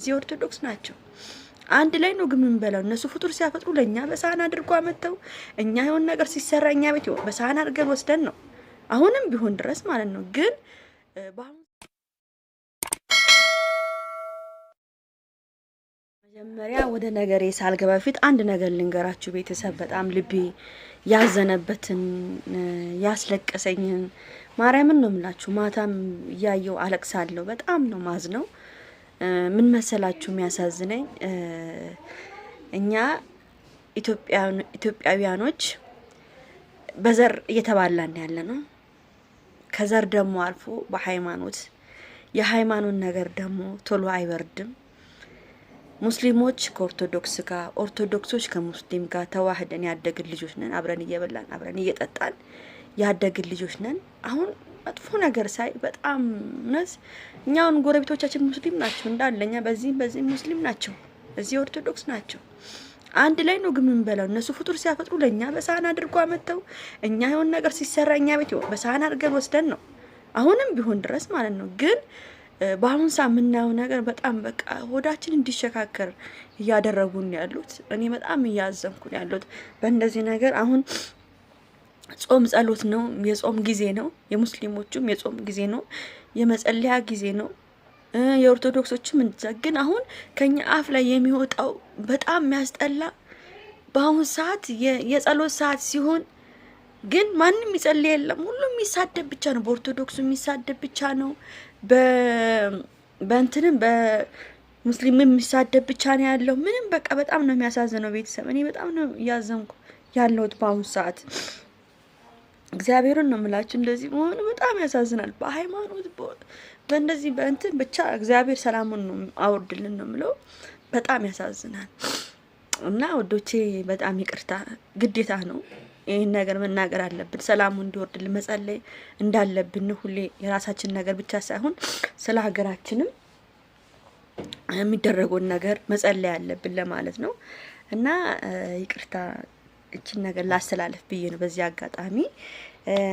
እዚህ ኦርቶዶክስ ናቸው። አንድ ላይ ነው ግን ምን በላው እነሱ ፍጡር ሲያፈጥሩ ለእኛ በሳህን አድርጎ አመተው፣ እኛ የሆን ነገር ሲሰራ እኛ ቤት በሳህን አድርገን ወስደን ነው አሁንም ቢሆን ድረስ ማለት ነው። ግን መጀመሪያ ወደ ነገሬ ሳልገባ በፊት አንድ ነገር ልንገራችሁ ቤተሰብ። በጣም ልቤ ያዘነበትን ያስለቀሰኝን ማርያምን ነው የምላችሁ። ማታም እያየው አለቅሳለሁ። በጣም ነው ማዝ ነው ምን መሰላችሁ የሚያሳዝነኝ እኛ ኢትዮጵያውያኖች በዘር እየተባላን ያለ ነው። ከዘር ደግሞ አልፎ በሃይማኖት የሃይማኖት ነገር ደግሞ ቶሎ አይበርድም። ሙስሊሞች ከኦርቶዶክስ ጋር፣ ኦርቶዶክሶች ከሙስሊም ጋር ተዋህደን ያደግን ልጆች ነን። አብረን እየበላን አብረን እየጠጣን ያደግን ልጆች ነን አሁን መጥፎ ነገር ሳይ በጣም እውነት አሁን ጎረቤቶቻችን ሙስሊም ናቸው እንዳለ እኛ በዚህም በዚህም ሙስሊም ናቸው፣ እዚህ ኦርቶዶክስ ናቸው። አንድ ላይ ነው ግን የምንበላው። እነሱ ፍጡር ሲያፈጥሩ ለእኛ በሳህን አድርጎ አመጥተው እኛ የሆን ነገር ሲሰራ እኛ ቤት በሳህን አድርገን ወስደን ነው አሁንም ቢሆን ድረስ ማለት ነው። ግን በአሁን ሰዓት የምናየው ነገር በጣም በቃ ሆዳችን እንዲሸካከር እያደረጉን ያሉት እኔ በጣም እያዘንኩን ያሉት በእንደዚህ ነገር አሁን ጾም ጸሎት ነው። የጾም ጊዜ ነው። የሙስሊሞቹም የጾም ጊዜ ነው። የመጸለያ ጊዜ ነው። የኦርቶዶክሶችም እንዛ። ግን አሁን ከኛ አፍ ላይ የሚወጣው በጣም የሚያስጠላ በአሁን ሰዓት የጸሎት ሰዓት ሲሆን ግን ማንም ይጸልይ የለም። ሁሉም የሚሳደብ ብቻ ነው። በኦርቶዶክሱ የሚሳደብ ብቻ ነው። በእንትንም በሙስሊም የሚሳደብ ብቻ ነው ያለው። ምንም በቃ በጣም ነው የሚያሳዝነው። ቤተሰብ እኔ በጣም ነው እያዘንኩ ያለሁት በአሁኑ ሰዓት እግዚአብሔርን ነው ምላችሁ። እንደዚህ መሆኑ በጣም ያሳዝናል። በሃይማኖት በእንደዚህ በእንትን ብቻ እግዚአብሔር ሰላሙን ነው አውርድልን ነው ምለው። በጣም ያሳዝናል እና ወዶቼ በጣም ይቅርታ፣ ግዴታ ነው ይህን ነገር መናገር አለብን። ሰላሙ እንዲወርድልን መጸለይ እንዳለብን ሁሌ የራሳችን ነገር ብቻ ሳይሆን ስለ ሀገራችንም የሚደረገውን ነገር መጸለይ አለብን ለማለት ነው እና ይቅርታ እችን ነገር ላስተላለፍ ብዬ ነው በዚህ አጋጣሚ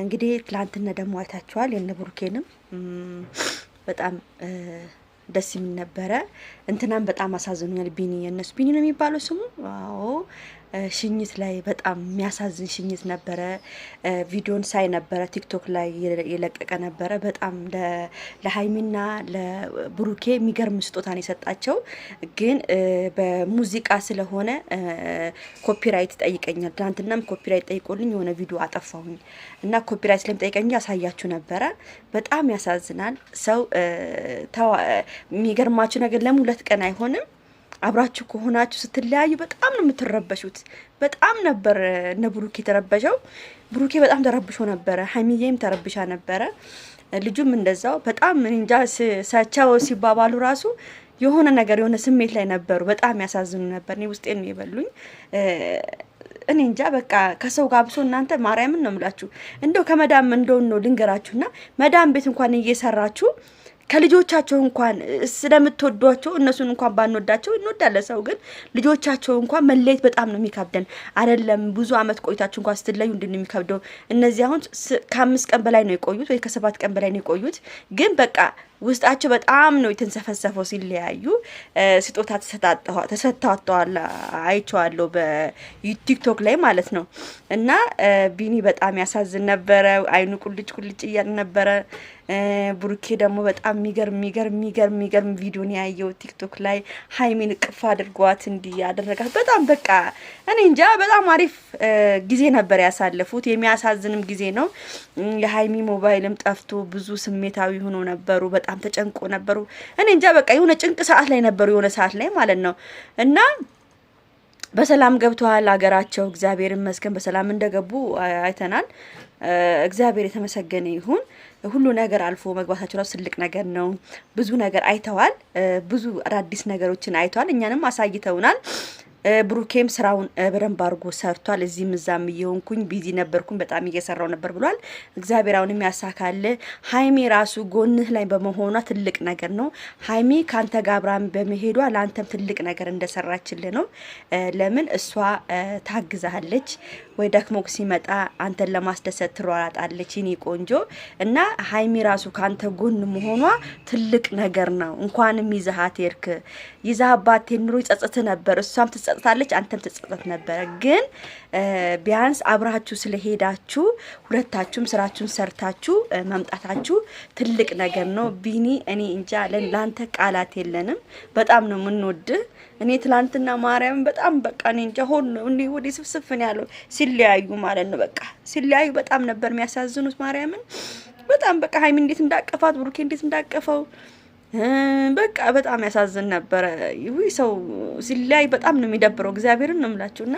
እንግዲህ ትላንትና ደግሞ አይታችኋል የነ ቡርኬንም በጣም ደስ የሚል ነበረ። እንትናም በጣም አሳዝኖኛል። ቢኒ የነሱ ቢኒ ነው የሚባለው ስሙ። አዎ ሽኝት ላይ በጣም የሚያሳዝን ሽኝት ነበረ። ቪዲዮን ሳይ ነበረ ቲክቶክ ላይ የለቀቀ ነበረ። በጣም ለሀይሚና ለብሩኬ የሚገርም ስጦታን የሰጣቸው ግን በሙዚቃ ስለሆነ ኮፒራይት ይጠይቀኛል። ትናንትናም ኮፒራይት ጠይቆልኝ የሆነ ቪዲዮ አጠፋሁኝ እና ኮፒራይት ስለሚጠይቀኝ ያሳያችሁ ነበረ። በጣም ያሳዝናል። ሰው የሚገርማችሁ ነገር ለምን ሁለት ቀን አይሆንም አብራችሁ ከሆናችሁ ስትለያዩ በጣም ነው የምትረበሹት። በጣም ነበር እነ ብሩኬ የተረበሸው። ብሩኬ በጣም ተረብሾ ነበረ፣ ሀይሚዬም ተረብሻ ነበረ፣ ልጁም እንደዛው። በጣም እንጃ ሰቻው ሲባባሉ ራሱ የሆነ ነገር የሆነ ስሜት ላይ ነበሩ። በጣም ያሳዝኑ ነበር። እኔ ውስጤን ነው የበሉኝ። እኔ እንጃ በቃ ከሰው ጋብሶ እናንተ ማርያምን ነው የምላችሁ። እንደው ከመዳም እንደው ነው ልንገራችሁና መዳም ቤት እንኳን እየሰራችሁ ከልጆቻቸው እንኳን ስለምትወዷቸው እነሱን እንኳን ባንወዳቸው እንወዳለን። ሰው ግን ልጆቻቸው እንኳን መለየት በጣም ነው የሚከብደን አይደለም። ብዙ አመት ቆይታችሁ እንኳን ስትለዩ እንድን የሚከብደው እነዚህ አሁን ከአምስት ቀን በላይ ነው የቆዩት ወይ ከሰባት ቀን በላይ ነው የቆዩት። ግን በቃ ውስጣቸው በጣም ነው የተንሰፈሰፈው ሲለያዩ። ስጦታ ተሰጥተዋቸዋል፣ አይቼዋለሁ በቲክቶክ ላይ ማለት ነው። እና ቢኒ በጣም ያሳዝን ነበረ። አይኑ ቁልጭ ቁልጭ እያል ነበረ ብሩኬ ደግሞ በጣም የሚገርም የሚገርም የሚገርም የሚገርም ቪዲዮን ያየው ቲክቶክ ላይ ሀይሚን እቅፍ አድርጓት እንዲህ ያደረጋት በጣም በቃ እኔ እንጃ በጣም አሪፍ ጊዜ ነበር ያሳለፉት። የሚያሳዝንም ጊዜ ነው። የሀይሚ ሞባይልም ጠፍቶ ብዙ ስሜታዊ ሆኖ ነበሩ። በጣም ተጨንቆ ነበሩ። እኔ እንጃ በቃ የሆነ ጭንቅ ሰዓት ላይ ነበሩ፣ የሆነ ሰዓት ላይ ማለት ነው እና በሰላም ገብተዋል ሀገራቸው። እግዚአብሔር ይመስገን በሰላም እንደገቡ አይተናል። እግዚአብሔር የተመሰገነ ይሁን። ሁሉ ነገር አልፎ መግባታቸው ራሱ ትልቅ ነገር ነው። ብዙ ነገር አይተዋል። ብዙ አዳዲስ ነገሮችን አይተዋል። እኛንም አሳይተውናል። ብሩኬም ስራውን በደንብ አድርጎ ሰርቷል። እዚህም እዛም እየሆንኩኝ ቢዚ ነበርኩኝ፣ በጣም እየሰራው ነበር ብሏል። እግዚአብሔር አሁንም ያሳካል። ሀይሜ ራሱ ጎንህ ላይ በመሆኗ ትልቅ ነገር ነው። ሀይሜ ከአንተ ጋር አብራም በመሄዷ ለአንተም ትልቅ ነገር እንደሰራችልህ ነው። ለምን እሷ ታግዛሃለች፣ ወይ ደክሞ ሲመጣ አንተን ለማስደሰት ትሯራጣለች። ይኔ ቆንጆ እና ሀይሜ ራሱ ከአንተ ጎን መሆኗ ትልቅ ነገር ነው። እንኳንም ይዛሃት ሄድክ። ይዛሃባት ኑሮ ይጸጽት ነበር እሷም ትጸጥታለች፣ አንተም ትጸጥት ነበረ። ግን ቢያንስ አብራችሁ ስለሄዳችሁ ሁለታችሁም ስራችሁን ሰርታችሁ መምጣታችሁ ትልቅ ነገር ነው። ቢኒ እኔ እንጃ ለአንተ ቃላት የለንም። በጣም ነው የምንወድህ። እኔ ትላንትና ማርያም በጣም በቃ እኔ እንጃ ሆን ነው እንዲህ ወዲህ ስፍስፍን ያለው ሲለያዩ ማለት ነው። በቃ ሲለያዩ በጣም ነበር የሚያሳዝኑት ማርያምን በጣም በቃ ሀይሚ እንዴት እንዳቀፋት ብሩኬ እንዴት እንዳቀፈው በቃ በጣም ያሳዝን ነበረ። ይህ ሰው ሲለያይ በጣም ነው የሚደብረው። እግዚአብሔርን ነው የምላችሁ። እና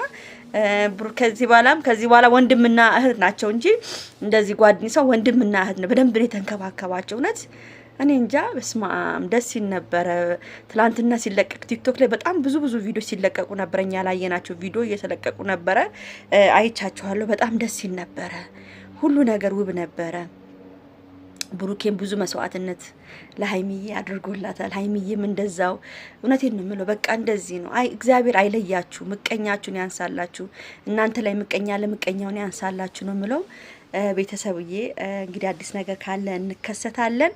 ከዚህ በኋላም ከዚህ በኋላ ወንድምና እህት ናቸው እንጂ እንደዚህ ጓድኝ ሰው ወንድምና እህት ነው። በደንብ የተንከባከባቸው። እውነት እኔ እንጃ በስማም ደስ ሲል ነበረ። ትላንትና ሲለቀቅ ቲክቶክ ላይ በጣም ብዙ ብዙ ቪዲዮ ሲለቀቁ ነበረ። እኛ ላየናቸው ቪዲዮ እየተለቀቁ ነበረ። አይቻችኋለሁ። በጣም ደስ ሲል ነበረ። ሁሉ ነገር ውብ ነበረ። ብሩኬን ብዙ መስዋዕትነት ለሀይሚዬ አድርጎላታል። ሀይሚዬም እንደዛው። እውነቴን ነው የምለው፣ በቃ እንደዚህ ነው። አይ እግዚአብሔር አይለያችሁ፣ ምቀኛችሁን ያንሳላችሁ። እናንተ ላይ ምቀኛ ለምቀኛውን ያንሳላችሁ ነው የምለው። ቤተሰብዬ እንግዲህ አዲስ ነገር ካለ እንከሰታለን።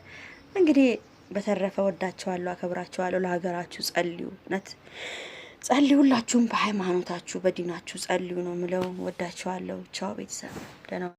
እንግዲህ በተረፈ ወዳችኋለሁ፣ አከብራችኋለሁ። ለሀገራችሁ ጸልዩ፣ እውነት ጸልዩላችሁም፣ በሃይማኖታችሁ በዲናችሁ ጸልዩ ነው የምለው። ወዳችኋለሁ። ቻው ቤተሰብ ደህና